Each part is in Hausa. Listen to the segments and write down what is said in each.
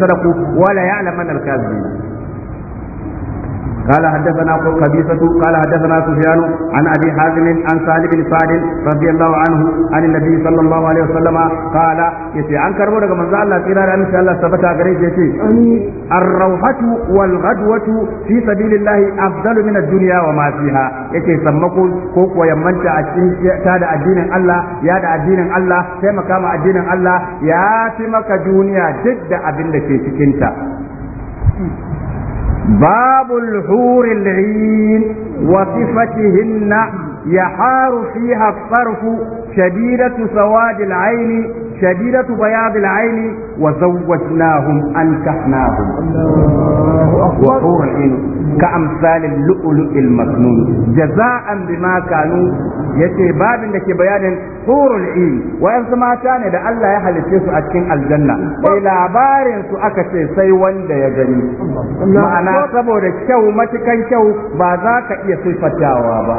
صدقوا ولا يعلم من الكاذبين قال حدثنا قبيصة قال حدثنا سفيان عن أبي حازم عن سهل بن سعد رضي الله عنه عن النبي صلى الله عليه وسلم قال يتي عن كربو daga manzo Allah tsira da insha Allah sabata gare shi yace ar-rauhatu wal ghadwatu fi sabilillahi afdalu min ad wa masiha fiha yace sammako ko ko yammanta a cikin ta da addinin Allah ya da addinin Allah sai makama addinin Allah ya fi maka duniya duk da abin da ke cikinta. باب الحور العين وصفتهن يحار فيها الصرف شديدة سواد العين شديدة بياض العين وزوجناهم أنكحناهم وحور العين كأمثال اللؤلؤ المكنون جزاء بما كانوا yace babin da ke bayanin hurul in su mata ne da Allah ya halicce su a cikin aljanna sai labarin su aka ce sai wanda ya gani ma'ana saboda kyau matukan kyau ba za ka iya sifatawa ba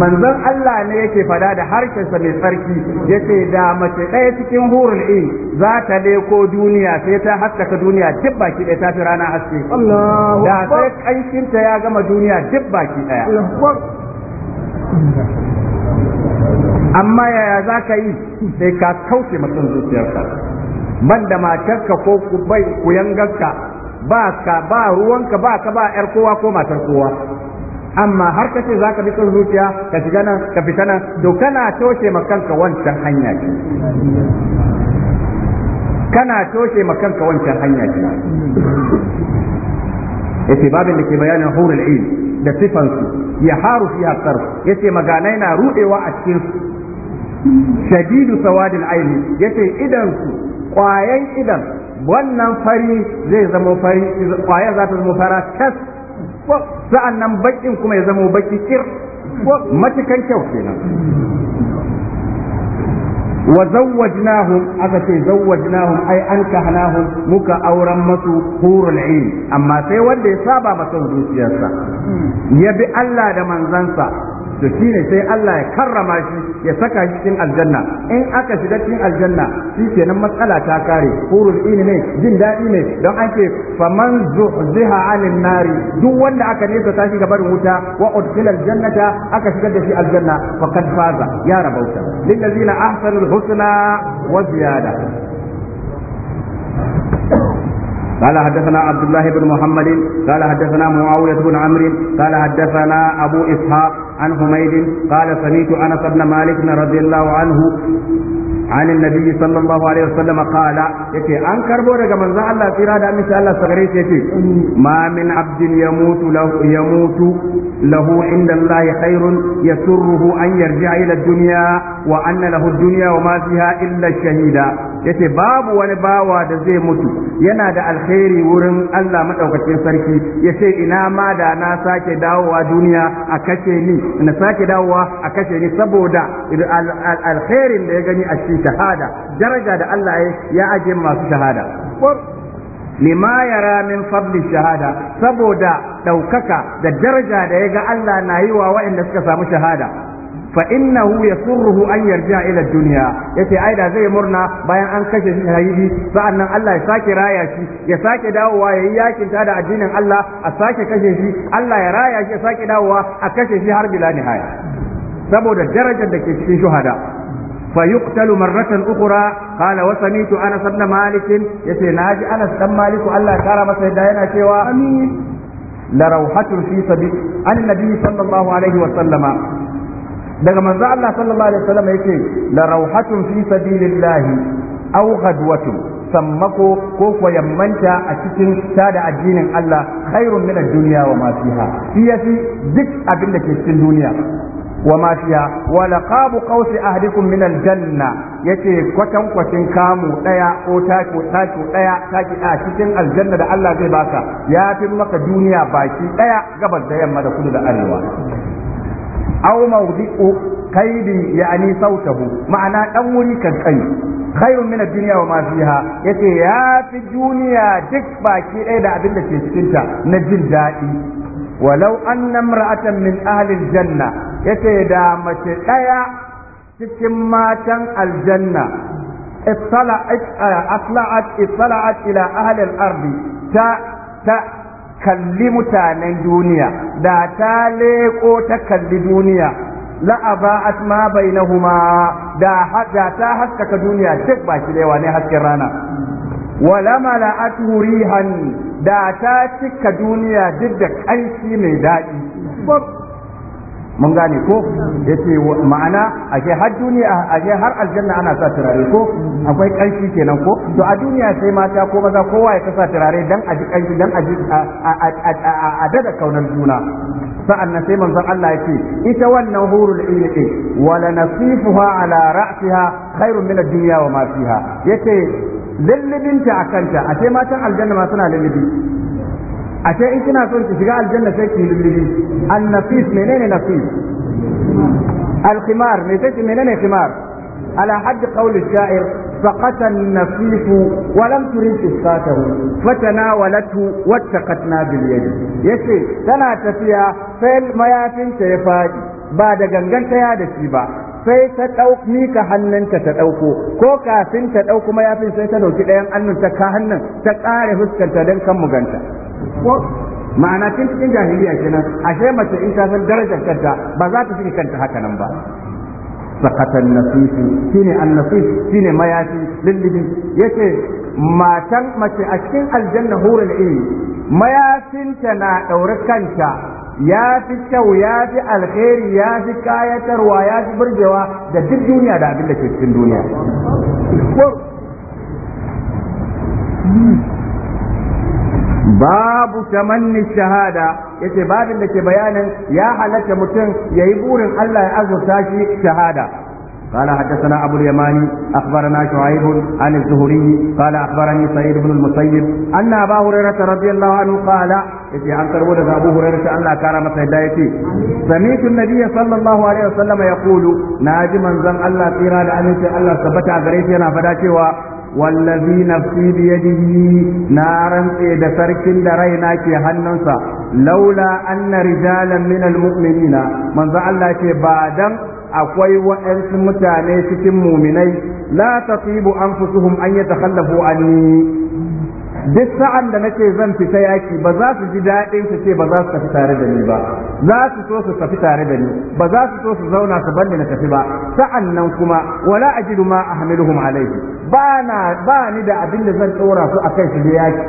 manzon Allah ne yake fada da harshensa mai tsarki sarki yace da mace ɗaya cikin hurul in za ta leko duniya sai ta haskaka duniya duk baki ɗaya ta fi rana haske da sai ta ya gama duniya duk baki ɗaya amma yaya za ka yi sai ka kauce mutum zuciyarka ban da matarka ko kuyangarka ba ka ba ruwanka ba ka ba 'yar kowa ko matar kowa amma har kace za ka bi son zuciya ka shiga nan ka fita nan to kana toshe ma kanka wancan hanya ce kana toshe ma kanka wancan hanya ce yace babin da ke bayanin hurul ilm da su ya haru fi sarf yace maganai na rudewa a cikin shadidu sawadil aini yace idan su kwayan idan wannan fari zai zama fari kwayan za ta zama fara kas sa'an nan bakin kuma ya zama baki kir matukan kyau kenan wa zawwajnahum aka ce zawwajnahum ai an kahnahum muka auren masu hurul ain amma sai wanda ya saba masa zuciyarsa ya bi Allah da manzansa to ne sai Allah ya karrama shi ya saka shi cikin aljanna in aka shiga cikin aljanna shi kenan matsala ta kare hurul ini ne jin daɗi ne don an ce faman zuhziha anin nari duk wanda aka nesa tashi ga barin wuta wa udkhila aljannata aka shigar da shi aljanna faqad faza ya rabauta lillazina ahsanul husna wa ziyada قال حدثنا عبد الله بن محمد قال حدثنا معاوية بن عمرو قال حدثنا أبو إسحاق عن حميد قال سمعت انس بن مالك رضي الله عنه عن النبي صلى الله عليه وسلم قال يتي ان كربو daga manzo Allah tsira da amince Allah sagare shi yace Mamin min abdin yamutu lahu yamutu lahu inda Allah khairun yasurruhu an yarji'a ila duniya wa anna lahu duniya wa ma fiha illa shahida yace babu wani bawa da zai mutu yana da alkhairi wurin Allah madaukakin sarki yace ina ma da na sake dawowa duniya a kashe ni na sake dawowa a kashe ni saboda alkhairin da ya gani a cikin shahada daraja da Allah ya aje masu shahada lima yara min fadli shahada saboda ɗaukaka da daraja da ya ga Allah na yi wa waɗanda suka samu shahada fa innahu yasurruhu an a ila dunya yace ai da zai murna bayan an kashe shi shahidi sa'annan Allah ya sake raya shi ya sake dawowa yayi yakin ta da addinin Allah a sake kashe shi Allah ya raya shi ya sake dawowa a kashe shi har bila nihaya saboda darajar da ke cikin shuhada فيقتل مرة أخرى قال وسميت أنس بن مالك يتي ناجي أنس بن مالك الله كرم سيدنا شوى أمين لروحة في سبيل عن النبي صلى الله عليه وسلم daga manzo Allah sallallahu alaihi wasallam yake la rawhatun fi sabilillahi aw ghadwatun sammako ko ko yammanta a cikin tada addinin Allah khairun min ad-dunya wa ma fiha shi yafi duk abin da ke cikin duniya wa ma fiha wa laqab qawsi ahdikum min al-janna yace kwatan kwatin kamu daya ko taki taki daya taki a cikin aljanna da Allah zai baka yafi maka duniya baki daya gabas da yamma da kudu da arewa aw mawdi'u kaidin yani sautahu ma'ana ɗan wuri kankani khairun min ad-dunya wa ma fiha yace ya fi duniya duk baki ɗaya da abin da ke cikinta na jin daɗi walau anna imra'atan min ahli al-janna yace da mace ɗaya cikin matan aljanna اطلعت اطلعت ila الى اهل الارض kalli mutanen duniya da ta leko ta kalli duniya la'aba'at ma bainahuma da da ta haskaka duniya duk ba shi da ne hasken rana wala mala'atu rihan da ta cika duniya duk da kanshi mai daɗi mun gane ko ce ma'ana ke har duniya ke har aljanna ana sa turare ko akwai kanshi kenan ko to a duniya sai mata ko maza kowa ya sa turare dan aji kanshi dan aji a dada kaunar juna sa'annan sai manzon Allah ce ita wannan hurul ilmi din wala nasifuha ala ra'siha khairun min ad-dunya wa ma fiha yace lullubinta a kanta a matan aljanna ma suna lullubi a ce in kina so ki shiga aljanna sai ki lullubi annafis menene nafis alkhimar me sai menene khimar ala hadd qawl ash-sha'ir فقتى النفيس ولم ترد إسقاطه فتناولته tana tafiya يسي تنا ya فيل Ba da gangan بعد da shi ba. sai ta ɗauk mika hannunta ta ɗauko ko kafin ta ɗauko mayafin sai ta ɗauki ɗayan annun ta ka hannun ta ƙare fuskanta don kan muganta ma'ana tun cikin jahiliya kenan ashe mace in ta san darajar kanta ba za ta shiga kanta haka nan ba sakatan nasifu shine annasif shine mayafi lillibi yace matan mace a cikin aljanna hurul ilmi mayafinta na daure kanta ya fi kyau ya fi alheri ya fi kayatarwa ya fi burgewa da duk duniya da abin da ke cikin duniya babu tamanni shahada yace babin da ke bayanin ya halatta mutum yayi burin Allah ya azurta shi shahada قال حدثنا أبو اليماني أخبرنا شعيب عن الزهري قال أخبرني سعيد بن المسيب أن أبا هريرة رضي الله عنه قال إذا عن كربونة أبو هريرة أن لا كرم سيدايتي سمعت النبي صلى الله عليه وسلم يقول ناجي من زم الله تيرا لأنك الله ثبت أغريتي أنا فداتي wallazi nafsi biyadihi na rantse da sarkin da raina ke hannunsa laula anna rijalan minal mu'minina manzo Allah ce ba dan akwai waɗansu mutane cikin muminai la tasibu anfusuhum an yatakhallafu anni duk sa'an da nake zan fita yaki ba za su ji daɗin su ce ba za su tafi tare da ni ba za su so su tafi tare da ni ba za su so su zauna su banda na tafi ba sa'an nan kuma wala ajidu ma ahmiluhum hamilu ba na ba ni da abin da zan tsora su akai su je yaki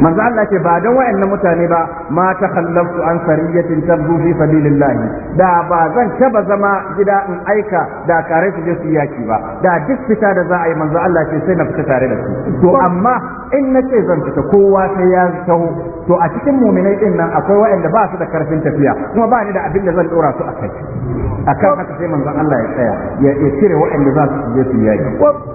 manzo Allah ce ba dan wayannan mutane ba ma ta khallaftu an sariyatin tabu fi sabilillah da ba zan taba zama gida in aika da kare su je su yaki ba da duk fita da za a yi manzo Allah ce sai na fita tare da su to amma in nace zan fita kowa sai ya taho to a cikin mu'minai din nan akwai wayanda ba su da karfin tafiya kuma ba ni da abin da zan dora su akai akan haka sai manzo Allah ya tsaya ya cire wayanda za su je su yaki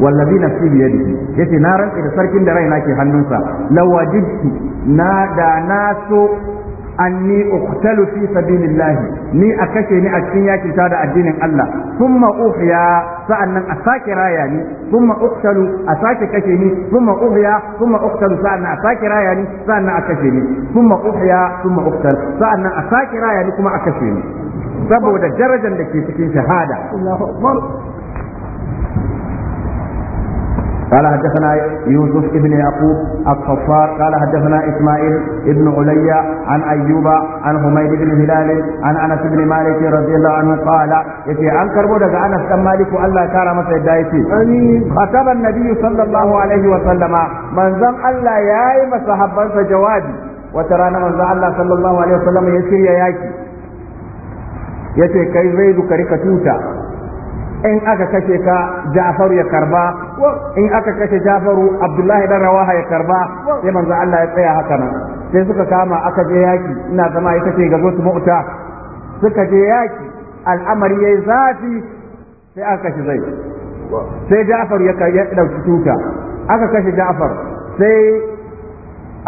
wallazi nafsi bi yadihi yace na rantsa da sarkin da raina ke hannunsa lawajibtu na da na so anni uqtalu fi sabilillah ni a kashe ni a cikin yakin da addinin Allah thumma uhya sa'annan a sake raya ni thumma uqtalu a sake kashe ni thumma uhya thumma uqtalu sa'annan a sake raya ni sa'annan a kashe ni thumma uhya thumma uqtal sa'annan a sake raya ni kuma a kashe ni saboda darajar da ke cikin shahada قال حدثنا يوسف ابن يعقوب الصفار قال حدثنا اسماعيل ابن علي عن ايوب عن حميد بن هلال عن انس بن مالك رضي الله عنه قال يتي عن كربو دغ انس بن مالك الله كار مسا يدايتي خطب النبي صلى الله عليه وسلم من زم الله ياي مسحبان جوادي وترانا من الله صلى الله عليه وسلم يشير ياكي yace kai zai ka rika tuta in aka kashe ka Ja'far ya karba in aka kashe Jafaru Abdullahi dan Rawaha ya karba sai manzo Allah ya tsaya haka nan sai suka kama aka je yaki ina zama ita ce ga su mu'ta suka je yaki al'amari yayi zafi sai aka kashe zai sai Jafaru ya kai dauki tuta aka kashe Jafar sai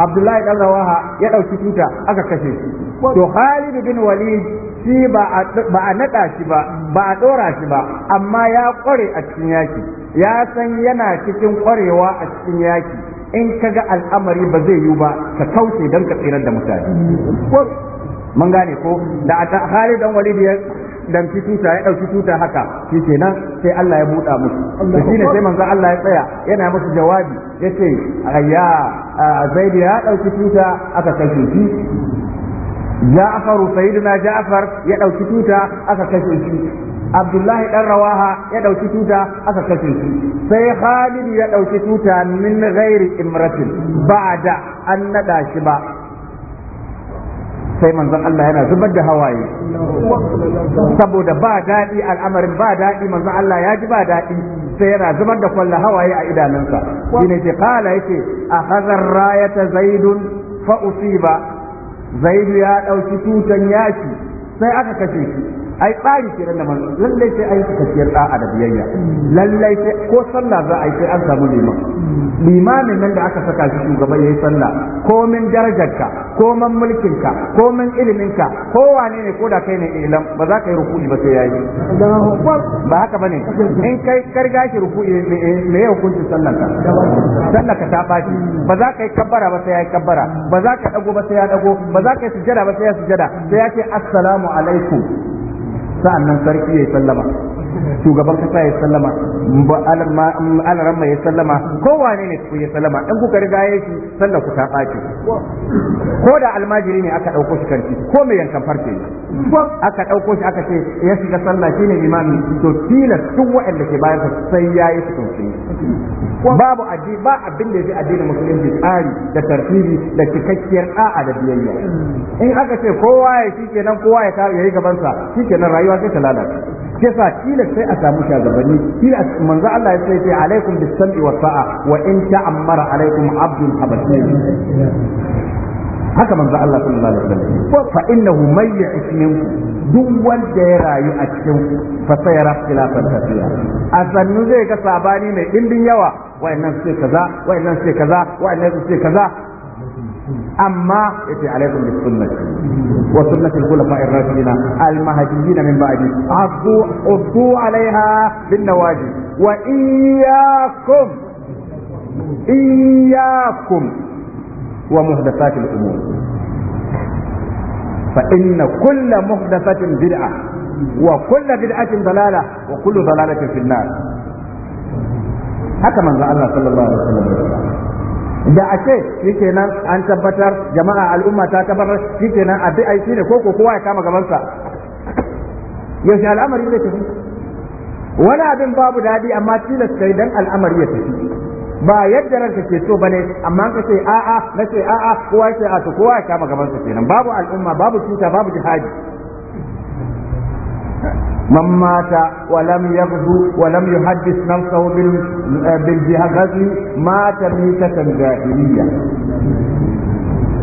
Abdullahi dan Rawaha ya dauki tuta aka kashe to Khalid bin Walid shi ba a naɗa shi ba ba a ɗora shi ba amma ya ƙware a cikin yaki ya san yana cikin ƙwarewa a cikin yaki in ka ga al'amari ba zai yiwu ba ka kauce don ka tsirar da mutane mun gane ko da a hali dan walidi ya dan ya dauki tuta haka shi kenan sai Allah ya buɗa musu to shine sai manzo Allah ya tsaya yana musu jawabi yace ayya zaidi ya dauki tuta aka kashe shi ja'faru na ja'far ya dauki tuta aka kashe shi abdullahi dan rawaha ya dauki tuta aka kashe shi sai khalid ya dauki tuta min ghairi imratin ba'da an nada shi ba sai manzon Allah yana zubar da hawaye saboda ba daɗi al'amarin ba daɗi manzon Allah ya ji ba daɗi sai yana zubar da kwallon hawaye a idanunsa shine yace a hazar ta zaidun fa'usi ba. zaidu ya ɗauki tutan yaki sai aka kashe shi ai tsari ke nan da manzo lallai sai ai cikakkiyar da'a da biyayya lallai sai ko sallah za a yi sai an samu liman limamin nan da aka saka shi shugaba yayi sallah ko min darajarka ko mulkin mulkinka ko min iliminka ko wane ne ko da kai ne ilam ba za ka yi ruku'i ba sai yayi ba haka bane in kai karga shi ruku'i me ya hukunci sallar ka sallar ka ta baci ba za ka yi kabbara ba sai yayi kabbara ba za ka dago ba sai ya dago ba za ka yi sujada ba sai ya sujada sai ya ce assalamu alaikum sa'annan sarki ya sallama shugaban kasa ya sallama alaramma ya sallama kowane ne ku ya sallama ɗan kuka riga ya shi sallar ku ta ɓaki. ko da almajiri ne aka ɗauko shi karfi ko mai yankan farce aka ɗauko shi aka ce ya shiga sallah shi ne imami to tilas duk waɗanda ke bayan sai ya yi shi babu addini ba abin da ya fi addinin musulunci tsari da tartibi da cikakkiyar a'a da biyayya in aka ce kowa ya shi kenan kowa ya yi gabansa shi kenan rayuwa sai ta lalata. ke sa dole sai a samu shagabanni shi ne manzo Allah ya ce alaikum bis sam'i wa sa'a wa in ta'ammara alaikum abdul habasi haka manzo Allah sallallahu alaihi wasallam ko fa innahu may ya'ish minkum duk wanda ya rayu a cikin fa sayara tafiya. A sannu zai ga sabani mai dimbin yawa wayannan sai kaza wayannan sai kaza wayannan sai kaza أما يتي عليكم بالسنة وسنة الخلفاء الراشدين المهديين من بعدي عضوا عضوا عليها بالنواجذ وإياكم إياكم ومحدثات الأمور فإن كل محدثة بدعة وكل بدعة ضلالة وكل ضلالة في النار هكذا من الله صلى الله عليه وسلم da a ce nan an tabbatar jama'a al'umma ta tabbatar nan a ai ne ko ko kowa ya kama gabansa yaushe al'amari zai tafi wani abin babu dadi amma tilas idan dan al'amari ya tafi ba yadda ranka ke so bane amma ka ce a'a na ce a'a kowa ya ce a to kowa ya kama gabansa kenan babu al'umma babu cuta babu jihadi من مات ولم يغزو ولم يحدث نفسه بالغزو مات ميتة جاهلية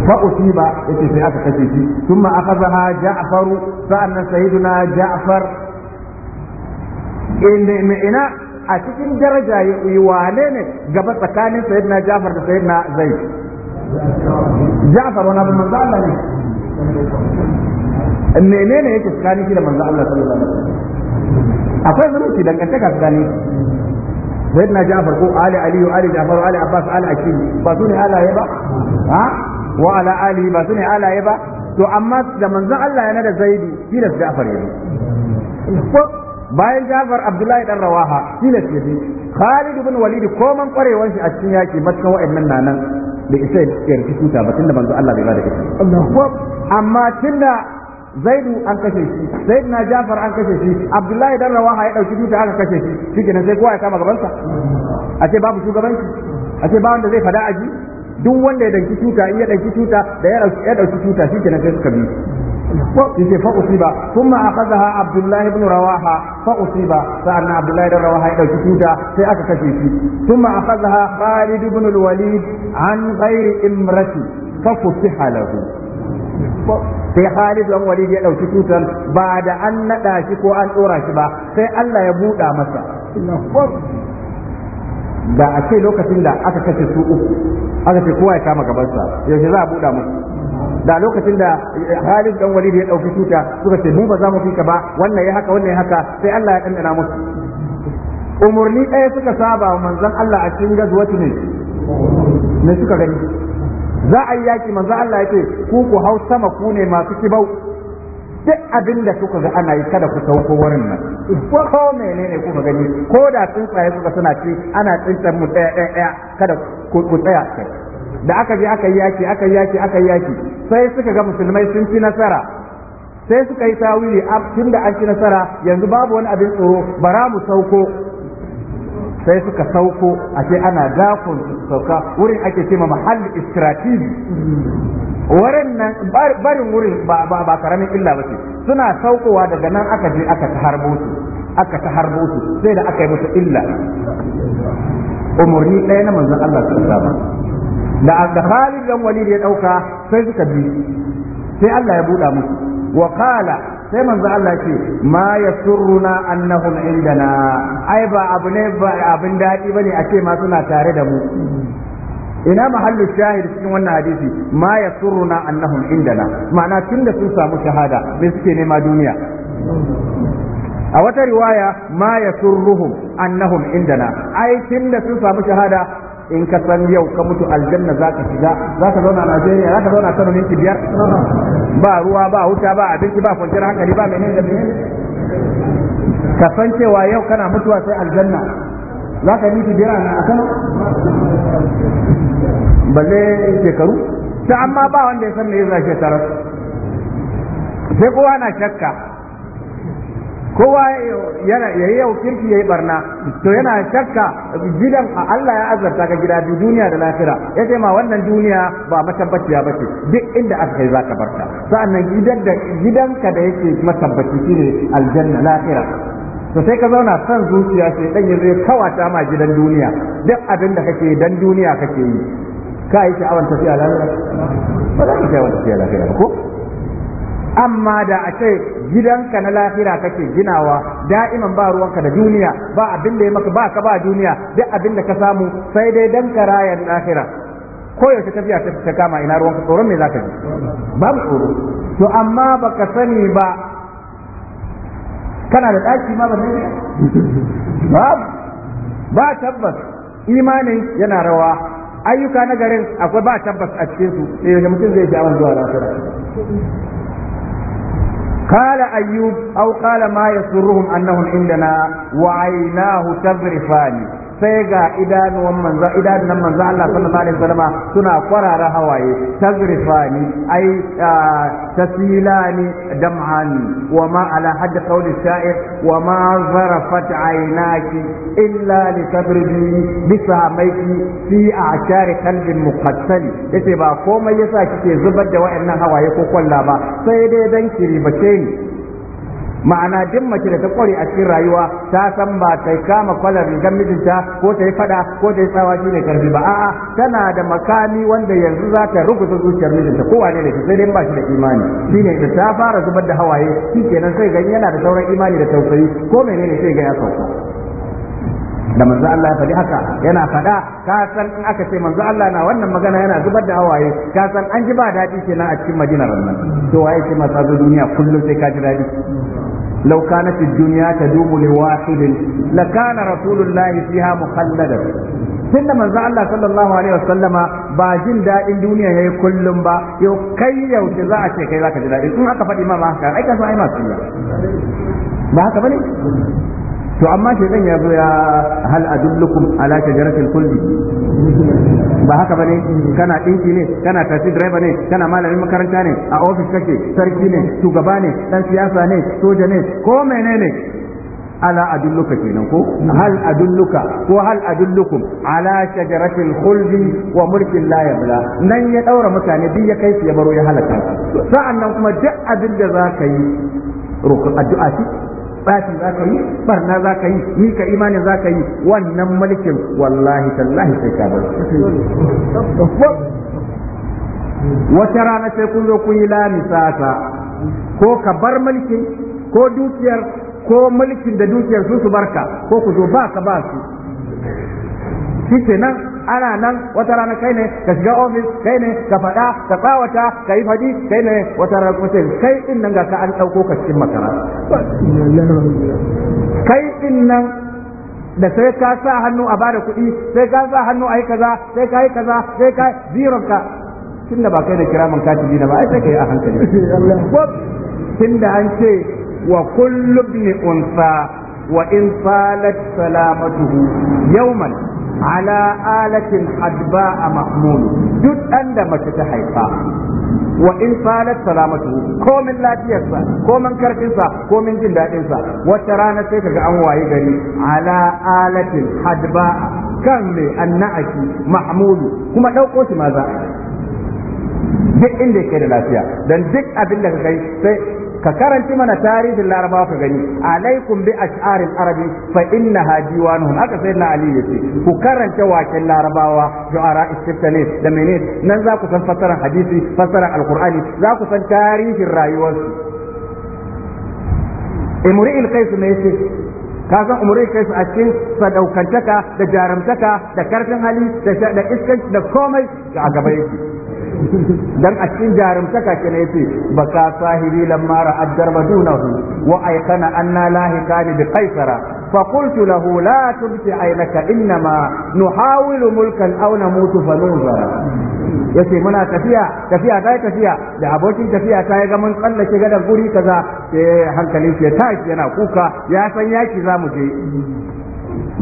فأصيب اتفاق كثيرة ثم أخذها جعفر فأن سيدنا جعفر إن إنا أتكن درجة يوالين قبل تكان سيدنا جعفر سيدنا زيد جعفر ونبي من menene yake tsakanin shi da manzo Allah sallallahu alaihi wasallam akwai zumunci dangantaka tsakanin sayyidina Ja'far ko Ali Ali Ali Ja'far Ali Abbas Ali Akil ba su ne halaye ba ha wa ala Ali ba su ne halaye ba to amma da manzo Allah yana da Zaidi shi da Ja'far ko bayan Ja'far Abdullahi dan Rawaha shi ne yayi Khalid ibn Walid man kwarewar shi a cikin yaki matakan wa'annan nanan bai isa ya rikici ta ba tunda manzo Allah bai ba da ita amma tunda zaidu an kashe shi zaid na jafar an kashe shi abdullahi dan rawaha ya dauki tuta aka kashe shi shikenan sai kowa ya kama gabansa a ce babu shugabanci a ce ba wanda zai fada aji duk wanda ya danki tuta in ya danki tuta da ya dauki tuta shikenan sai suka bi yace fa usiba kuma akhadha abdullahi ibn rawaha fa usiba sa'anna abdullahi ibn rawaha ya dauki tuta sai aka kashe shi kuma akhadha khalid ibn al-walid an ghairi imrati fa futiha lahu sai Khalid dan Walid ya dauki tutar ba da an nada shi ko an dora shi ba sai Allah ya buɗa masa da a ce lokacin da aka kace su uku aka ce kowa ya kama gabansa yaushe za a buɗa musu da lokacin da Khalid dan Walid ya dauki tuta suka ce mu ba za mu fika ba wannan ya haka wannan ya haka sai Allah ya dandana musu umurni ɗaya suka saba manzon Allah a cikin gazuwa ne ne suka gani za a yi yaki manzo Allah yake ku ku hau sama ku ne masu kibau duk abin da kuka ga ana yi kada ku sauko wurin nan ko ko menene kuka gani ko da tsuntsaye kuka suna ci ana tsintar mu ɗaya ɗaya kada ku tsaya da aka je aka yi yaki aka yi yaki aka yi yaki sai suka ga musulmai sun ci nasara sai suka yi tawili tun da an ci nasara yanzu babu wani abin tsoro bara mu sauko sai suka sauko ashe ana gafon sauka wurin ake cema mahalli istrategi wurin nan barin wurin ba karamin illa ba ce suna saukowa daga nan aka je aka ta harbo su aka ta harbo su sai da aka yi musu illa umarni ɗaya na manzon Allah su zama da aka Khalid dan Walid ya ɗauka sai suka bi sai Allah ya buɗa musu wa sai manzo Allah ce ma yasurruna annahum indana ai ba abu ne ba abin dadi bane a ce ma suna tare da mu ina mahallu shahid cikin wannan hadisi ma yasurruna annahum indana ma'ana tunda sun samu shahada me suke nema duniya a wata riwaya ma yasurruhum annahum indana ai tunda sun samu shahada in ka san yau ka mutu aljanna za ka shiga za ka zauna a Najeriya za ka zauna a Kano ne biyar ba ruwa ba wuta ba abinci ba kwanciyar hankali ba menene da menene ka san cewa yau kana mutuwa sai aljanna za ka miki biyar a Kano balle shekaru ta amma ba wanda ya san me zai tarar sai kowa na shakka kowa yana yayi yau kirki yayi barna to yana shakka gidan a Allah ya azarta ka gida biyu duniya da lafira ya ce ma wannan duniya ba matabbaciya ba ce duk inda aka kai zaka barta sa'annan gidan da gidanka da yake matabbaci shine aljanna lafira to sai ka zauna son zuciya sai dan ya kawata ma gidan duniya duk abin da kake dan duniya kake yi ka yi sha'awar tafiya lafira ba za ka sha'awar tafiya lafira ba ko amma da a ce gidanka na lahira kake ginawa da'iman ba ruwanka da duniya ba abin da ya maka ba ka ba duniya duk abin da ka samu sai dai dan ka raya lahira ko yaushe tafiya ta kama ina ruwanka tsoron me zaka ji babu tsoro to amma baka sani ba kana da daki ma ba ne babu ba tabbas imanin yana rawa ayyuka na garin akwai ba tabbas a cikin su sai eh, mutum zai ji zuwa lahira قال أيوب أو قال ما يسرهم أنهم عندنا وعيناه تذرفان sai ga idanuwan manzo nan manzo Allah sallallahu alaihi wasallam suna kwarara hawaye tagrifani ai tasilani dam'ani wa ma ala hadd qawli sha'ir wa ma zarafat aynaki illa li tabridi bi samaiki fi a'shar qalbin muqattali yace ba komai yasa kike zubar da wa'annan hawaye ko kwalla ba sai dai dan bace ni ma'ana duk mace da ta kware a cikin rayuwa ta san ba ta kama kwalar rigar mijinta ko ta yi fada ko ta yi tsawa ne karfi ba a'a tana da makami wanda yanzu za ta rubuta zuciyar mijinta ko wane ne sai dai ba shi da imani shi ne da ta fara zubar da hawaye shi kenan sai gani yana da sauran imani da tausayi ko menene sai ga ya sauka da manzo Allah ya faɗi haka yana faɗa ka san in aka ce manzo Allah na wannan magana yana zubar da hawaye ka san an ji ba daɗi kenan a cikin Madina nan to waye ce masa zo duniya kullum sai ka ji daɗi لو كانت الدنيا تدوم لواحد لكان رسول الله فيها مخلدا tun da manzo Allah sallallahu alaihi wasallama ba jin daɗin duniya yayi kullum ba yau kai yaushe za a ce kai zaka ji daɗi in aka faɗi ma ba haka ai ka so ba haka to amma shaitan ya zo ya hal adullukum ala shajaratil kulli ba haka bane kana ɗinki ne kana taxi driver ne kana malamin makaranta ne a ofis kake sarki ne shugaba ne ɗan siyasa ne soja ne ko menene ala adulluka kenan ko hal adulluka ko hal adullukum ala shajaratil khuldi wa mulkin la yabla nan ya ɗaura mutane duk ya kai su ya baro ya halaka nan kuma duk abin da za ka yi addu'a tsafi za ka yi barna za ka yi ni ka imanin za ka yi wannan mulkin wallahi tallahi sai ka bar wata rana sai kun zo kun yi lamisasa ko ka bar mulkin ko dukiyar ko mulkin da dukiyar su su barka ko ku zo ba ka ba su shi kenan ana nan wata rana kai ne ka shiga ofis kai ne ka faɗa ka tsawata ka yi faɗi kai ne wata rana kuma sai kai din nan ga ka an ɗauko ka cikin makara kai din nan da sai ka sa hannu a bada kuɗi sai ka sa hannu a yi kaza sai ka yi kaza sai ka ziron ka tunda ba kai da kiraman katibi dina ba ai sai kai a hankali tunda an ce wa kullu ibn unsa wa in salat salamatuhu yawman ala alatin adba a mahmud duk ɗan da mace ta haifa wa in falat salamatu komin lafiyarsa komin karfinsa komin jin daɗinsa wata rana sai kaga an waye gari ala alatin hadba kan mai anna'aki mahmudu kuma ɗauko shi ma za a duk inda yake da lafiya dan duk abin da ka kai sai ka karanci mana tarihin larabawa ka gani alaikum bi ash'aril arabi fa innaha diwanuhum haka sai na ali yace ku karanta waken larabawa ju'ara istiftane da menene nan za ku san fasaran hadisi fasaran alqur'ani za ku san tarihin rayuwarsu imri al-qais ne yace ka san umurai kai su a cikin sadaukantaka da jarumtaka da karfin hali da iskanci da komai a gaba yake dan a cikin jarumtaka kina yace baka sahibi lamma ra'a darba dunahu wa ayqana anna lahikani bi qaisara فقلت له لا تبكي عينك انما نحاول ملكا او نموت فننظر yace muna tafiya tafiya ta tafiya da abokin tafiya ta ga mun tsallake gadar guri kaza eh hankalin shi ya tashi yana kuka ya san yaki za mu je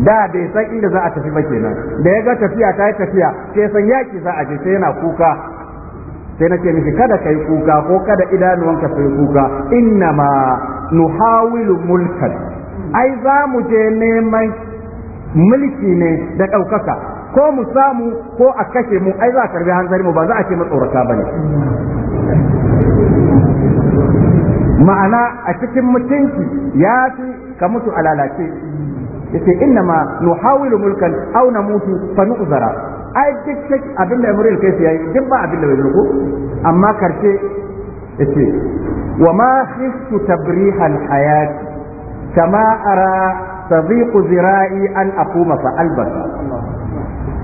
da bai san inda za a tafi ba kenan da ya ga tafiya ta tafiya sai san yaki za a je sai yana kuka sai na ce kada kai kuka ko kada idanuwanka su yi kuka innama nuhawilu mulkan ai za mu je neman mulki ne da ɗaukaka ko mu samu ko a kashe mu ai za a karbi hanzari mu ba za a ce matsoraka ba ne ma'ana a cikin mutunci ya fi ka mutu a lalace yace innama nuhawilu mulkan aw mutu fa nu'zara ai duk sai abin da Ibrahim kai yayi duk ba abin da bai ko amma karshe yace wa ma khiftu tabriha al-hayat kama ara sadiq zira'i an aquma fa albasa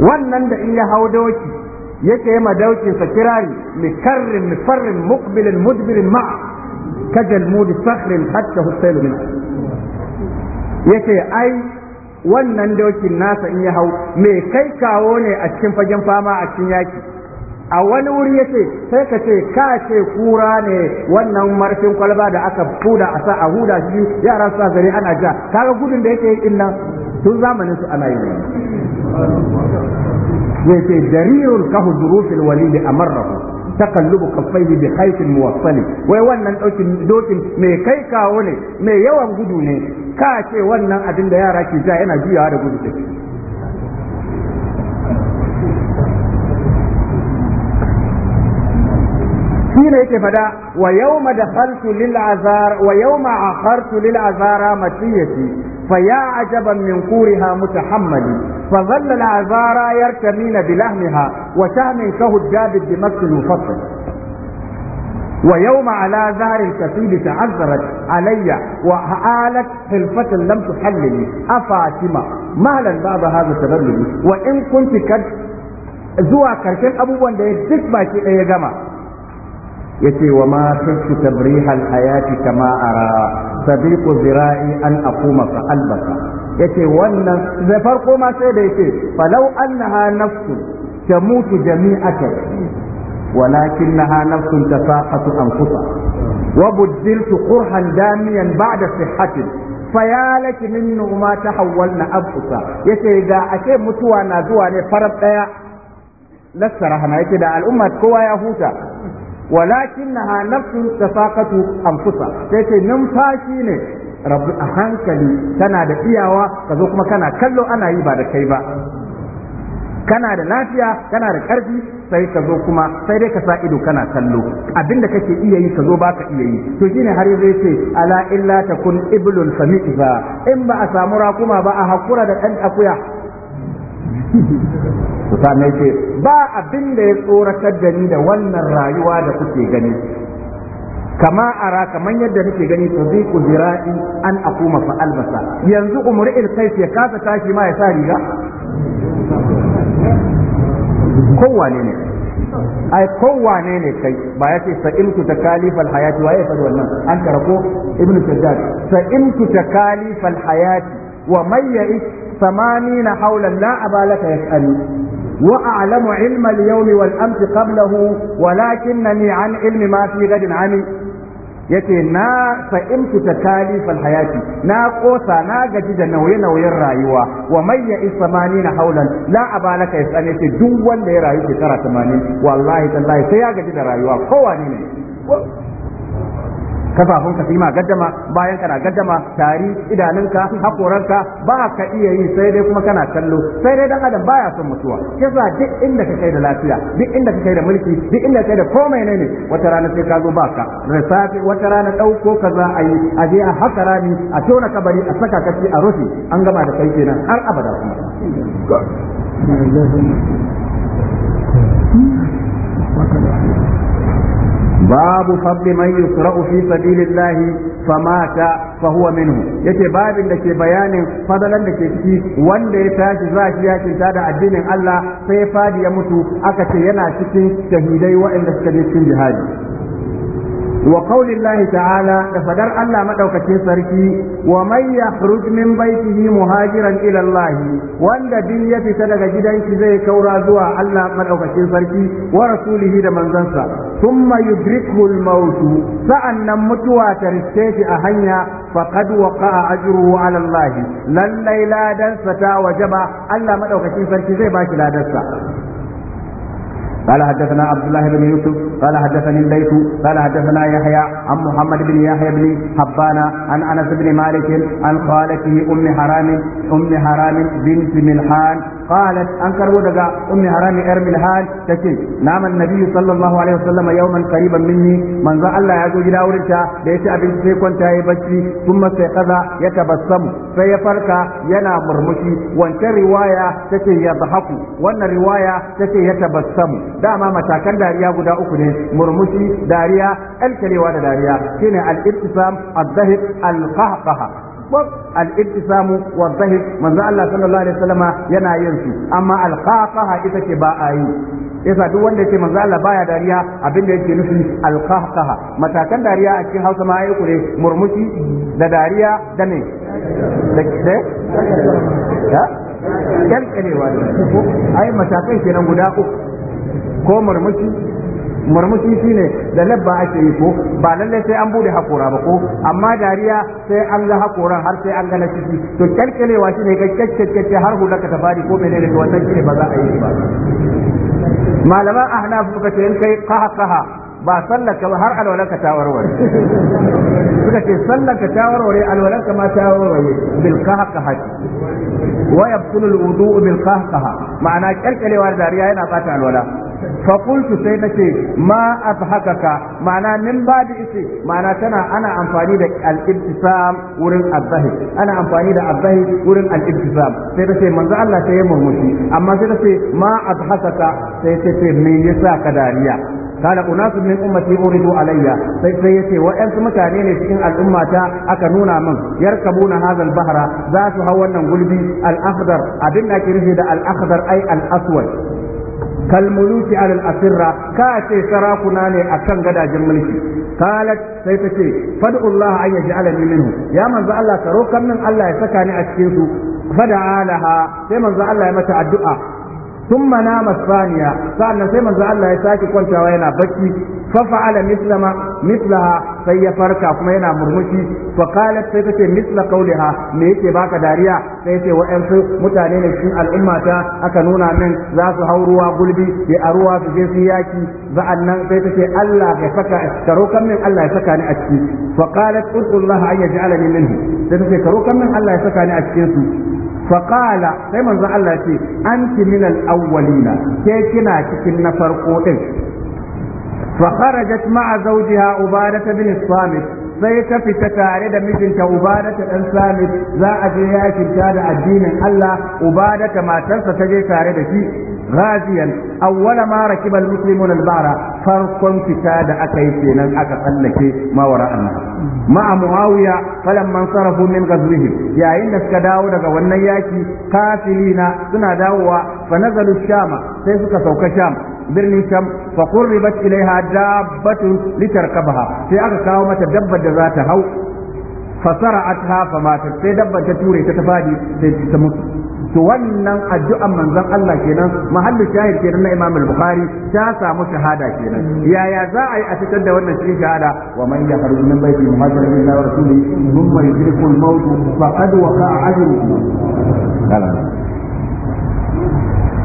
wannan da in ya hau doki yake yi madaukinsa kirari mikarrin mifarrin muqbilin ma ma'a كجلمود صخر حتى السيل منه yake ai wannan dokin nasa in ya hau mai kai kawo ne a cikin fagen fama a cikin yaki a wani wuri ya ce sai ka ce ka ce kura ne wannan marfin kwalba da aka fuda a sa a huda shi yaran sa gari ana ja kaga gudun da yake yi nan tun zamanin su ana yi ne yake jarirul kahu zurufil walidi amarrahu taqallubu kaffaihi bi khaytin muwassali wai wannan dokin dokin mai kai kawo ne mai yawan gudu ne ka ce wannan abin da yara ke ja yana juyawa da gudu take shi ne yake fada wa yau ma da farsu lil'azara a farsu lil'azara matiyyaci fa ya ajaban min kuriha mutahammali fa zalla al'azara ya tamina bi lahmiha wa ta min kahu jabi bi makkin mufassal wa yau ma ala zarin kasidi ta azzarat alayya wa halat hilfatin lam tu hallili a fatima mahalan ba ba haza tabarruri wa in kunti kad zuwa karshen abubuwan da ya duk baki ɗaya gama yace wa ma khiftu tabriha al-hayati kama ara sadiqu zira'i an aquma fa albasa yace wannan da farko ma sai da yace falau annaha nafsu tamutu jami'atan ولكنها نفس تساقط أنفسها وبدلت قرحا داميا بعد صحة faya laki min numa ta hawwalna abkusa yace da ake mutuwa na zuwa ne farar daya lassara hana yace da al'umma kowa ya huta ولكنها نفس تفاقة أنفسها تيتي numfashi ne rabu a hankali tana da iyawa ka zo kuma kana kallo ana yi ba da kai ba kana da lafiya kana da karfi sai ka zo kuma sai dai ka sa ido kana kallo abinda kake iya yi ka zo baka iya yi to shine har ya ce ala illa takun iblun famiza in ba a samu rakuma ba a hakura da dan akuya to sannan ce ba abin da ya tsoratar da ni da wannan rayuwa da kuke gani kama ara kaman yadda nake gani to zai ku zira'i an akuma fa albasa yanzu umri'il kayf ya kasa tashi ma ya sa riga kowane ne ai kowane ne kai ba ya ce sa'imtu takalifal hayati waye fa wannan an karako ibnu sajjad sa'imtu al hayati wa may ya'ish ثمانين حولا لا أبا لك يسأل وأعلم علم اليوم والأمس قبله ولكنني عن علم ما في غد عمي yace na fa'imtu kalifan hayati na ƙosa na gaji da nauye-nauyen rayuwa wa mai ya isa na haulan la balaka ya tsane ce duk wanda ya rayu shekara 80 wallahi tallahi sai ya gaji da rayuwa kowane ne kafafunka su ma gaddama bayan kana gaddama tari idanunka hakoranka ba ka iya yi sai dai kuma kana kallo sai dai dan adam baya son mutuwa yasa duk inda ka kai da lafiya duk inda ka kai da mulki duk inda ka kai da komai ne ne wata rana sai ka zo ba ka da safe wata rana dauko ka za a yi a je a haka rami a tona kabari a saka kashi a rufe an gama da kai kenan har abada kuma babu fadli man yusra'u fi sabilillahi famata fahuwa minhu yace babin da ke bayanin fadalan da ke ciki wanda ya tashi za shi yakin da addinin Allah sai ya fadi ya mutu aka ce yana cikin shahidai waɗanda suka je cikin jihadi وقول الله تعالى فدر الله مدوك سركي ومن يخرج من بيته مهاجرا إلى الله وأن دنيا سدق جدا زي كورا زوا الله مدوك سركي ورسوله لمن زنسى ثم يدركه الموت فأن متوى ترسيش أهنيا فقد وقع أجره على الله لن لا دنسة وجب الله مدوك سركي زي باش لا دنسة قال حدثنا عبد الله بن يوسف قال حدثني الليث قال حدثنا يحيى عن محمد بن يحيى بن حبان عن انس بن مالك عن خالته ام حرام ام حرام بنت ملحان قالت انكر ودغا ام حرام ار ملحان تكي نام النبي صلى الله عليه وسلم يوما قريبا مني من ذا الله يجو جدا ورنتا da ya ci abinci sai kwanta ya bacci sun masa kaza ya tabassamu sai ya farka yana murmushi wancan riwaya take ya zahaku wannan riwaya take ya tabassamu dama matakan dariya guda uku ne murmushi dariya alkalewa da dariya shine al-ibtisam al-dhahik al-qahqaha al-ibtisamu wa dhahik manzo Allah sallallahu alaihi wasallama yana yin su amma al-qahqaha ita ce ba a yi yasa duk wanda yake manzo Allah baya dariya abinda yake nufi alqahqaha matakan dariya a cikin Hausa ma ku ne? murmushi da dariya da ne da da da kalkalewa ai matakan kenan guda uku ko murmushi murmushi shine da labba ake yi ko ba lallai sai an bude hakora ba ko amma dariya sai an ga hakoran har sai an ga na ciki to kyalkyalewa shine kai kyakkyakkyakke har hula ka tafari ko menene to wannan ne ba za a yi ba malaman ahnaf suka ce in kai kaha kaha ba sallaka har alwalanka ta warware suka ce sallaka ta warware alwalanka ma ta warware bil qahqaha wa yabtulu al wudu bil kaha-kaha. ma'ana kalkalewa da dariya yana fata alwala fakultu sai nace ma abhakaka ma'ana min ba da ise ma'ana tana ana amfani da al wurin azahi ana amfani da azahi wurin al-ibtisam sai nace Allah ta ya murmushi amma sai nace ma abhakaka sai ta ce me yasa ka dariya قال أناس من أمتي أوردوا علي سيسيتي وأنت متانين في الأمة aka nuna min yarkabuna hadha al-bahra za su hau wannan gulbi al-akhdar abin da ake nufi da al ai al-aswad kalmuluki alal asirra ka ce sarakuna ne a kan gadajen mulki qalat sai ta ce fad'ullah an ji minhu ya manzo Allah ka rokan min Allah ya saka ni a cikin su fada'a sai manzo Allah ya mata addu'a ثم نام sai سألنا Allah ya يساكي kwantawa yana بكي ففعل مثل ما مثلها sai ya farka kuma yana murmushi fa qalat sai tace misla qawliha me yake baka dariya sai ce wa'ansu mutane ne cikin al'umma ta aka nuna min za su hau ruwa gulbi da a ruwa su je su yaki nan sai tace Allah ya saka karo kan Allah ya saka ni a ciki sai tace karo Allah ya saka ni a Allah ya ce anti awwalina ke kina cikin na farko ɗin. فخرجت مع زوجها ta بن الصامت sai ta fita tare da mijinta Uba ubadata dan samit za a je yakin da addinin Allah Uba da ta matarsa ta je tare da shi raziyan mara kibar rakiba almuslimun albara farkon fita da aka yi kenan aka tsallake mawara Allah ma'a muawiya falamma sarafu min ghazwihi yayin da suka dawo daga wannan yaki kafilina suna dawowa fa nazalu shama sai suka sauka sham birnin sham fa qurribat ilaiha dabbatun litarkabaha sai aka kawo mata dabbar da za ta hau fasara'atha fa mata sai dabbar ta ture ta tafadi sai ta mutu to wannan addu'an manzon Allah kenan mahallu shahid kenan na Imam al-Bukhari ta samu shahada kenan yaya za a yi a fitar da wannan cikin shahada wa man faru min baiti muhajirin ila rasulihi thumma yudriku maut faqad waqa'a ajruhu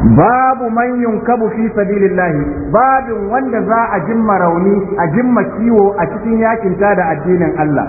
babu man yunkabu fi sabilillahi babin wanda za a jimma rauni a jimma kiwo a cikin yakin da addinin Allah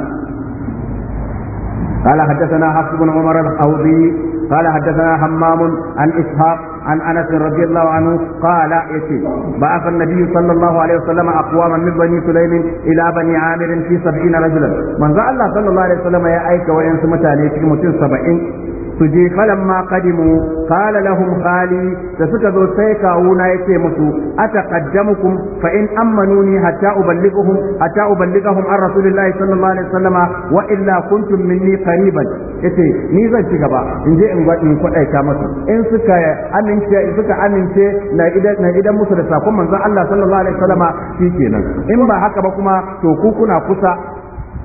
قال حدثنا حفص بن عمر الحوضي قال حدثنا حمام عن اسحاق عن انس رضي الله عنه قال يتي بعث النبي صلى الله عليه وسلم اقواما من بني سليم الى بني عامر في سبعين رجلا من الله صلى الله عليه وسلم يا ايك وين سمتاني في متن سبعين su je falamma qadimu qala lahum khali da suka zo sai kawuna yace musu ataqaddamukum fa in ammanuni hatta uballighuhum hatta uballighuhum an rasulillahi sallallahu alaihi wasallama wa illa kuntum minni qariban yace ni zan ci gaba in je in in kwadaita musu in suka amince suka amince na idan na idan musu da sakon manzon Allah sallallahu alaihi wasallama shikenan in ba haka ba kuma to ku kuna kusa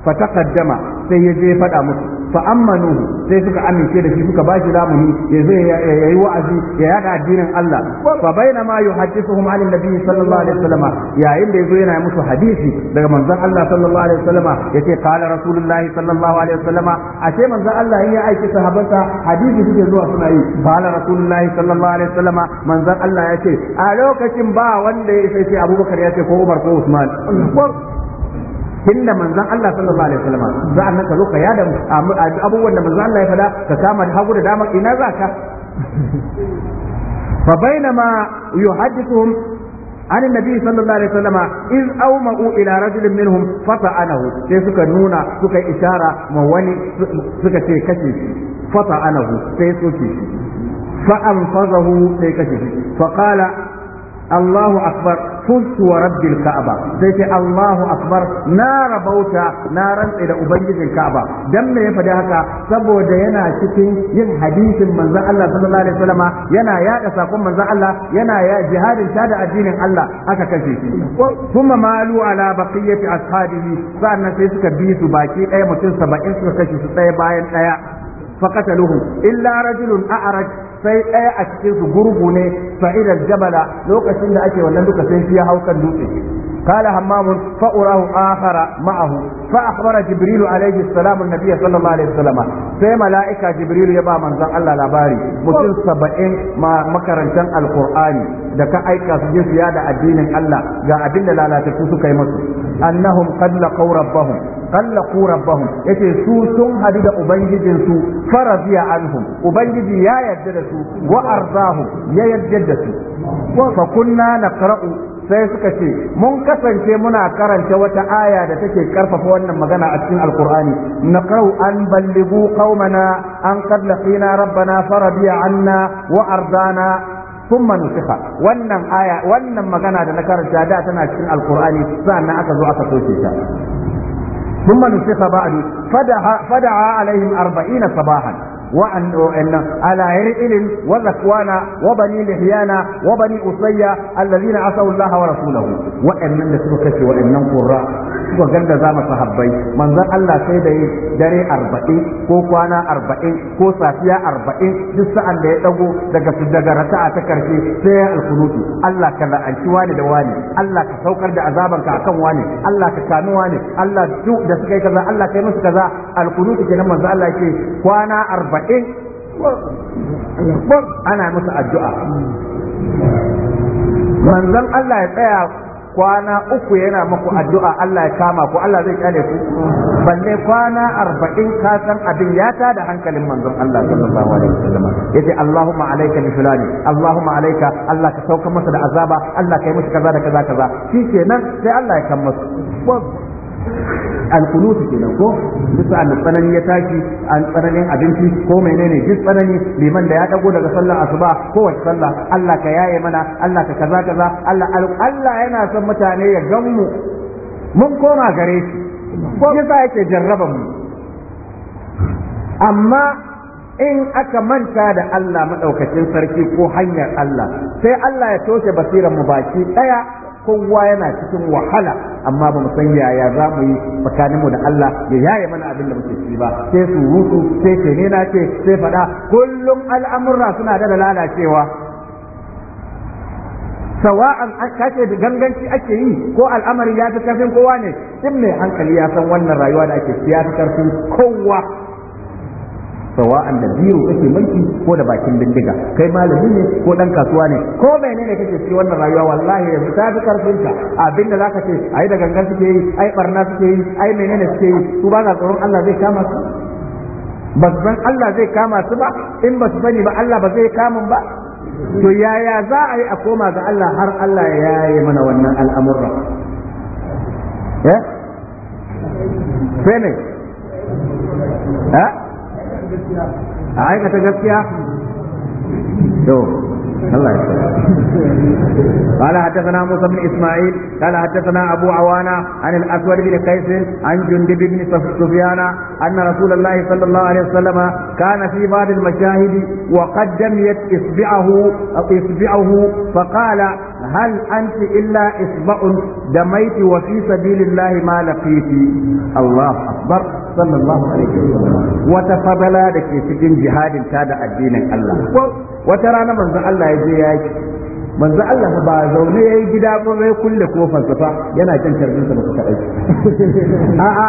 fataqaddama sai ya je faɗa musu fa Ammanu sai suka amince da shi suka bashi lamuni ya zai yayi wa'azi ya yada addinin Allah fa bainama yuhaddithuhum an nabi sallallahu alaihi wasallam yayin da yazo yana musu hadisi daga manzon Allah sallallahu alaihi wasallam yace qala rasulullah sallallahu alaihi wasallam ce manzon Allah in ya aiki sahabansa hadisi suke zuwa suna yi qala rasulullah sallallahu alaihi wasallam manzon Allah yace a lokacin ba wanda ya sai Abubakar yace ko Umar ko Usman tunda manzon Allah sallallahu alaihi wasallam za nan ka zo ka yada abubuwan da manzon Allah ya faɗa ka kama da hagu da dama ina za ka fa bainama yuhaddithuhum عن النبي صلى الله عليه وسلم إذ أومأوا إلى رجل منهم فطعنه sai suka nuna suka ishara ma wani suka ce kashe shi fata'anahu sai soke shi fa anfazahu sai kashe shi fa qala Allahu akbar fustu rabbil ka'aba sai ce Allahu akbar na rabauta na rantse da ubangijin ka'aba dan me ya faɗi haka saboda yana cikin yin hadisin manzon Allah sallallahu alaihi wasallama yana yaɗa sakon manzon Allah yana ya jihadin ta da addinin Allah aka kashe shi kuma malu ala baqiyati ashabihi sannan sai suka bi su baki ɗaya mutum 70 suka kashe su ɗaya bayan ɗaya فقتلوه إلا رجل أعرج sai ɗaya a cikin su gurgu ne sa'idar jabala lokacin da ake wannan duka sai ya hau kan dutse قال همام فأراه آخر معه فأخبر جبريل عليه السلام النبي صلى الله عليه وسلم سي ملائكة جبريل يبا من ذا الله لباري مثل سبعين ما مكرنشان القرآن دكا أيكا سجن سيادة الدين الله جاء أبن لا لا تكوسك يمسك أنهم قد لقوا ربهم tallaqu rabbahum yace su sun hadu da ubangijin su faradiya anhum ubangiji ya yarda da su wa arzahu ya yarda da su fa kunna naqra'u sai suka ce mun kasance muna karanta wata aya da take karfafa wannan magana a cikin alkur'ani naqra'u an ballighu qaumana an qad laqina rabbana faradiya anna wa ardana thumma nusikha wannan aya wannan magana da na karanta da tana cikin alkur'ani sannan aka zo aka soke ta ثم نفخ بعد فدعا, فدعا عليهم أربعين صباحا وأن على هرئل والأكوان وبني لحيان وبني أصية الذين عصوا الله ورسوله وأن من سبكت وأن قراء suka ganda za masa habbai manzon Allah sai da dare arba'in ko kwana arba'in ko safiya arba'in duk sa'an da ya dago daga daga raka'a ta karshe sai ya alkunuti. Allah ka la'anci wani da wani Allah ka saukar da azabanka akan wani Allah ka kanu wani Allah duk da suka yi kaza Allah kai musu kaza alkunuti kenan manzon Allah yake kwana arba'in ana musu addu'a manzon Allah ya tsaya kwana uku yana maku addu'a Allah ya kama ku Allah zai kyale ku balle kwana arba'in ka san abin ya ta da hankalin manzon Allah sallallahu alaihi wasallam yace Allahumma alayka bi fulani Allahumma alayka Allah ka sauka masa da azaba Allah ka mishi kaza da kaza kaza shikenan sai Allah ya kama masa ke nan ko duk sa'an tsanani ya tashi an tsananin abinci ko menene duk tsanani liman da ya dago daga sallar asuba ko wace sallah Allah ka yaye mana Allah ka kaza kaza Allah Allah yana son mutane ya gan mu mun koma gare shi ko yasa yake jarraba mu amma in aka manta da Allah maɗaukacin sarki ko hanyar Allah sai Allah ya toshe basirar mu baki ɗaya kowa yana cikin wahala amma ba mu san yaya za mu yi tsakanin mu da Allah ya yaye mana abin da muke ci ba sai su surutu sai ne na ce sai faɗa kullum al'amurra suna da lalacewa sawa'an kace da ganganci ake yi ko al'amari ya fi karfin kowa ne in mai hankali ya san wannan rayuwa da ake ya fi karfin kowa sawa'an da biro kake mulki ko da bakin bindiga kai malami ne ko dan kasuwa ne ko menene kake siyo wannan rayuwa wallahi yanzu ta fi karfin ka abin da zaka ce ai da gangan suke yi ai barna suke yi ai menene suke yi su ba ka tsoron Allah zai kama su ba su san Allah zai kama su ba in ba su sani ba Allah ba zai kama ba to yaya za a yi a koma ga Allah har Allah ya yi mana wannan al'amurra eh sai eh a aikata gaskiya to الله قال حدثنا موسى بن اسماعيل قال حدثنا ابو عوانه عن الاسود بن قيس عن جندب بن سفيان ان رسول الله صلى الله عليه وسلم كان في بعض المشاهد وقد دميت اصبعه اصبعه فقال هل انت الا اصبع دميت وفي سبيل الله ما لقيت الله اكبر sallallahu alaihi wata fadala da ke cikin jihadin ta da addinin Allah wata rana manzon Allah ya je yaki manzo Allah ba zaune yayi gida ba bai kulle kofar fa yana kan tarbin sa mutum aiki. a'a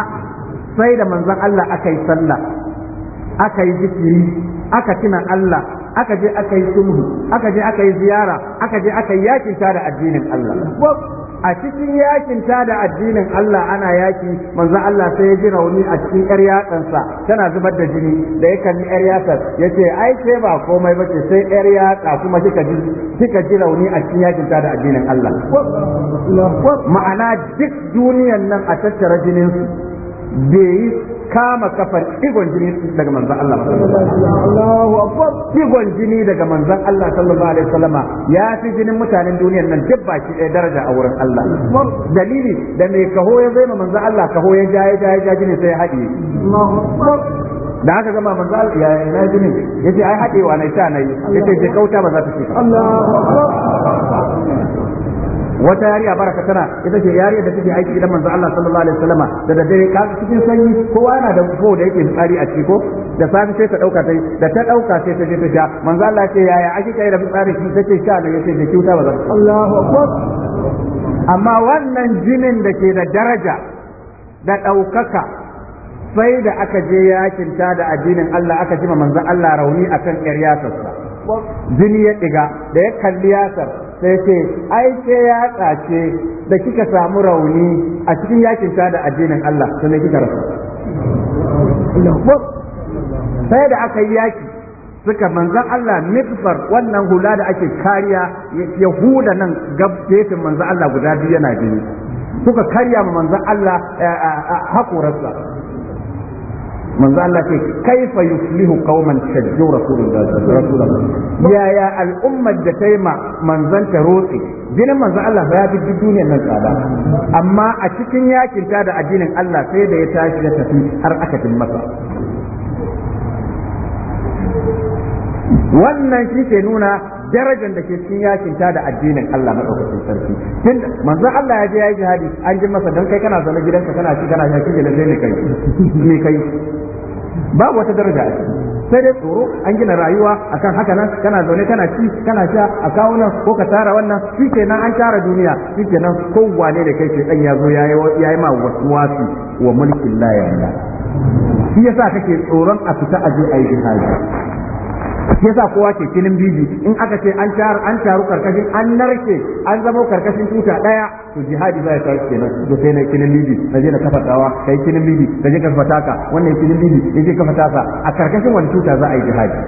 sai da manzon Allah aka yi sallah aka yi zikiri aka tuna Allah aka je aka yi sulhu aka je aka yi ziyara aka je aka yi yakin da addinin Allah a cikin yakin ta da addinin Allah ana yaki manzon Allah sai ya ji rauni a cikin yar yatsansa tana zubar da jini da yakan yi yar yatsar yace ai sai ba komai ba ce sai yar yatsa kuma kika ji kika ji rauni a cikin yakin ta da addinin Allah ma'ana duk duniyan nan a tattara jinin su bai kama kafar digon jini daga manzan Allah Allahu akbar digon jini daga manzan Allah sallallahu alaihi wasallama ya fi jinin mutanen duniyar nan duk baki ɗaya daraja a wurin Allah dalili da mai kaho ya zai manzan Allah kaho ya ja ja ja jini sai ya haɗiye da aka gama manzan Allah ya yi jini yace ai haɗewa na sha nayi yace je kauta ba za ta ci Allahu wata yariya baraka tana ita ce yariya da take aiki idan manzo Allah sallallahu alaihi wasallama da daddare ka cikin sanyi kowa yana da ko da yake tsari a ciki ko da safi sai ta dauka tai da ta dauka sai ta je ta sha manzo Allah ya ce yaya ake kai da fitsari shi take sha da yace da kyuta ba Allahu akbar amma wannan jinin da ke da daraja da daukaka sai da aka je yakin ta da addinin Allah aka jima manzon Allah rauni akan ƙaryasarsa jini ya diga da ya kalli yasar sai ce ai ce ya tsace da kika samu rauni a cikin yakin ta da addinin Allah to ne kika rasa sai da aka yi yaki suka manzan Allah mitfar wannan hula da ake kariya ya hula nan gefen manzan Allah guda biyu yana biyu suka karya ma manzan Allah eh, eh, eh, hakorarsa manzo Allah ce kaifa yuflihu qauman shajju rasulullahi ya ya al'ummar da taima ma manzon ta rotse jinin manzon Allah ya fi duk duniyar nan tsada amma a cikin yakin ta da addinin Allah sai da ya tashi ya tafi har aka tin masa wannan shi ke nuna darajar da ke cikin yakin ta da addinin Allah madaukakin sarki tun manzon Allah ya je yayi jihadi an ji masa dan kai kana zaune gidanka kana ci kana shi, da lalle ne kai babu wata daraja a ciki sai dai tsoro an gina rayuwa akan haka nan kana zaune kana ci kana sha a kawo nan ko ka tara wannan shi kenan an tara duniya shi kenan kowane da kai ɗan ya zo ya yi ma wasu wa mulkin la shi yasa kake tsoron a fita aje a yi jihadi yasa kowa ke kinin bibi in aka ce an taru an taru karkashin an narke an zamo karkashin tuta daya to jihadi ba ya kai kenan to sai na kinin bibi na je na kafa tawa kai kinin bibi da je ka fataka wannan kinin bibi da je kafa taka a karkashin wani tuta za a yi jihadi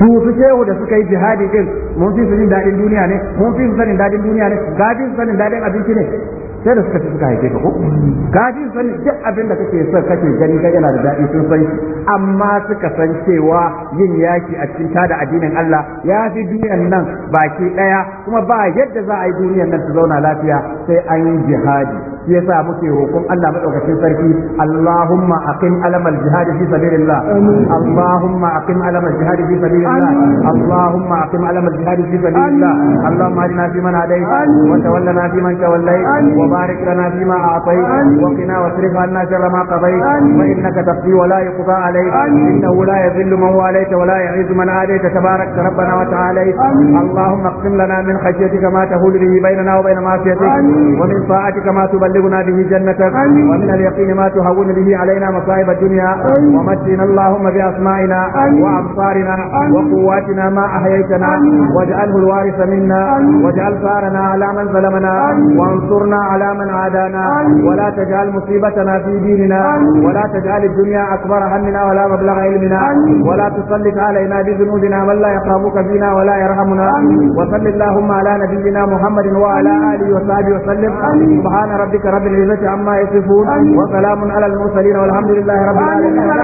su su shehu da suka yi jihadi din mun fi su jin dadin duniya ne mun fi su sanin dadin duniya ne gadin sanin dadin abinci ne sai da suka ci suka haife ka ko gaji sani duk abin da kake son kake gani ga yana da daɗi sun san amma suka san cewa yin yaki a cikin tada addinin Allah ya fi duniyan nan baki ɗaya kuma ba yadda za a yi duniyan nan ta zauna lafiya sai an yi jihadi yasa muke roƙon Allah madaukakin sarki Allahumma aqim alamal jihad fi sabilillah Allahumma aqim alamal jihad fi sabilillah Allahumma aqim alamal jihad fi sabilillah Allahumma hadina fi man hadayt wa tawallana fi man tawallayt wa barik lana fi ma a'tayt wa qina wa wasrif anna sharra ma qadayt wa innaka taqdi wa la yuqda alayk innahu la yadhillu man walayt wa la yu'izzu man adayt tabarak rabbana wa ta'ala Allahumma aqim lana min khashyatika ma tahulu bi bainana wa bain ma'siyatik wa min ta'atika ma tubal وبلغنا به جنتك ومن اليقين ما تهون به علينا مصائب الدنيا ومتنا اللهم بأسمائنا وأبصارنا وقواتنا ما أحييتنا واجعله الوارث منا واجعل ثارنا على من ظلمنا وانصرنا على من عادانا ولا تجعل مصيبتنا في ديننا ولا تجعل الدنيا أكبر همنا ولا مبلغ علمنا ولا تسلط علينا بذنوبنا من لا يخافك فينا ولا يرحمنا وصل اللهم على نبينا محمد وعلى آله وصحبه وسلم سبحان ربك رب العزة عما يصفون وسلام على المرسلين والحمد لله رب العالمين